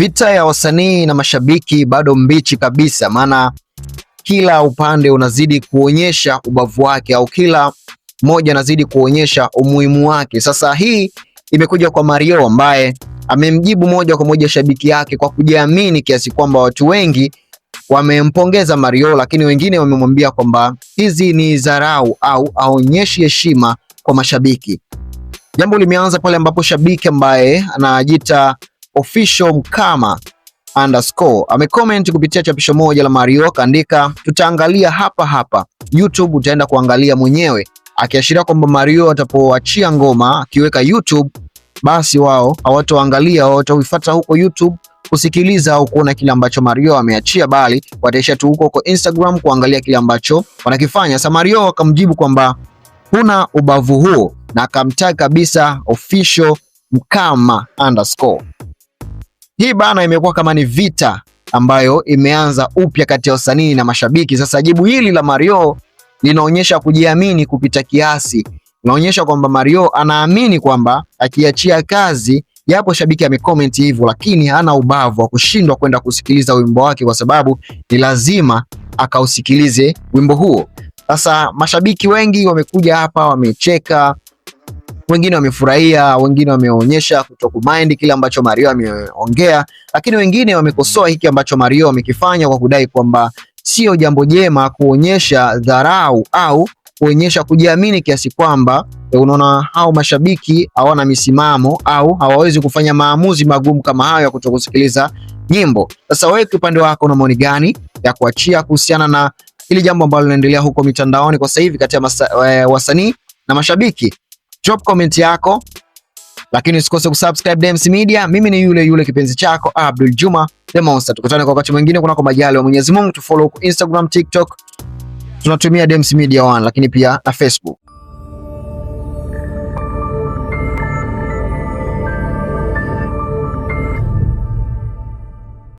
Vita ya wasanii na mashabiki bado mbichi kabisa, maana kila upande unazidi kuonyesha ubavu wake au kila mmoja anazidi kuonyesha umuhimu wake. Sasa hii imekuja kwa Mario ambaye amemjibu moja kwa moja shabiki yake kwa kujiamini kiasi kwamba watu wengi wamempongeza Mario, lakini wengine wamemwambia kwamba hizi ni dharau au aonyeshi heshima kwa mashabiki. Jambo limeanza pale ambapo shabiki ambaye anajiita official mkama underscore amecomment kupitia chapisho moja la Mario, kaandika tutaangalia hapa hapa YouTube, utaenda kuangalia mwenyewe, akiashiria kwamba Mario atapoachia ngoma akiweka YouTube, basi wao hawatoangalia, watauifuata huko YouTube kusikiliza au kuona kile ambacho Mario ameachia, bali wataisha tu huko kwa Instagram kuangalia kile ambacho wanakifanya. Sasa Mario akamjibu kwamba huna ubavu huo, na akamtaka kabisa official mkama underscore. Hii bana imekuwa kama ni vita ambayo imeanza upya kati ya wasanii na mashabiki. Sasa jibu hili la Mario linaonyesha kujiamini kupita kiasi, linaonyesha kwamba Mario anaamini kwamba akiachia kazi, japo shabiki amecomment hivyo, lakini hana ubavu wa kushindwa kwenda kusikiliza wimbo wake, kwa sababu ni lazima akausikilize wimbo huo. Sasa mashabiki wengi wamekuja hapa, wamecheka wengine wamefurahia, wengine wameonyesha kutokumind kile ambacho Mario ameongea, lakini wengine wamekosoa hiki ambacho Mario amekifanya kwa kudai kwamba sio jambo jema kuonyesha dharau au kuonyesha kujiamini kiasi kwamba eh, unaona hao mashabiki hawana misimamo au hawawezi kufanya maamuzi magumu kama hayo ya kutokusikiliza nyimbo. Sasa wewe kwa upande wako una maoni gani ya kuachia kuhusiana na hili jambo ambalo linaendelea huko mitandaoni kwa sasa hivi kati ya eh, wasanii na mashabiki? drop comment yako, lakini usikose kusubscribe Dems Media. Mimi ni yule yule kipenzi chako Abdul Juma the Monster. Tukutane kwa wakati mwingine kunako majali wa Mwenyezi Mungu. Tufollow huko Instagram, TikTok tunatumia Dems Media 1 lakini pia na Facebook.